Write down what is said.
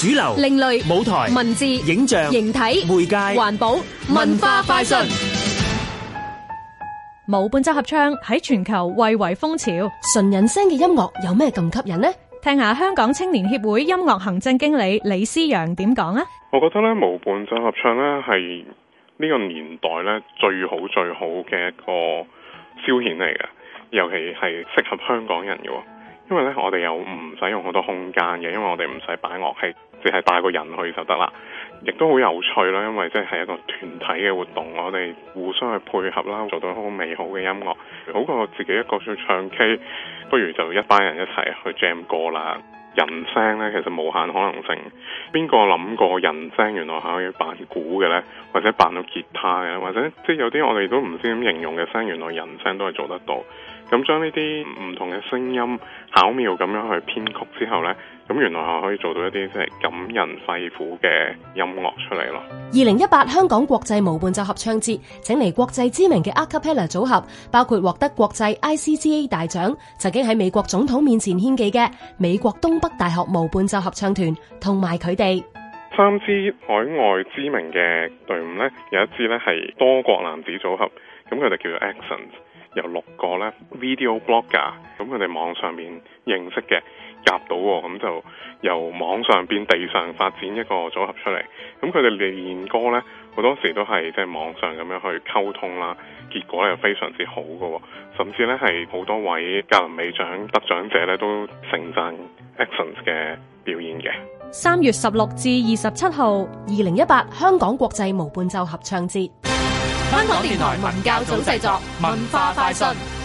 主流、另類、舞台、文字、影像、形體、媒介、環保、文化快訊。無伴奏合唱喺全球蔚為風潮，純人聲嘅音樂有咩咁吸引呢？聽下香港青年協會音樂行政經理李思陽點講啊。我覺得咧，無伴奏合唱咧係呢個年代咧最好最好嘅一個消遣嚟嘅，尤其係適合香港人嘅。因為咧，我哋又唔使用好多空間嘅，因為我哋唔使擺樂器，淨係帶個人去就得啦。亦都好有趣啦，因為即係一個團體嘅活動，我哋互相去配合啦，做到好美好嘅音樂，好過自己一個去唱 K。不如就一班人一齊去 jam 歌啦。人聲呢，其實無限可能性。邊個諗過人聲原來可以扮鼓嘅呢？或者扮到吉他嘅，或者即係有啲我哋都唔知點形容嘅聲，原來人聲都係做得到。咁將呢啲唔同嘅聲音巧妙咁樣去編曲之後呢咁原來可以做到一啲即係感人肺腑嘅音樂出嚟咯。二零一八香港國際無伴奏合唱節，請嚟國際知名嘅 Acapella 組合，包括獲得國際 ICGA 大獎、曾經喺美國總統面前獻技嘅美國東北大學無伴奏合唱團，同埋佢哋三支海外知名嘅隊伍呢有一支呢係多國男子組合，咁佢哋叫做 Accent 有六個咧 video blogger 咁佢哋網上面認識嘅夾到喎，咁就由網上邊地上發展一個組合出嚟。咁佢哋哋練歌咧，好多時都係即係網上咁樣去溝通啦。結果咧又非常之好嘅，甚至咧係好多位格林美獎得獎者咧都盛讚 Action 嘅表演嘅。三月十六至二十七號，二零一八香港國際無伴奏合唱節。香港電台文教組製作，文化快訊。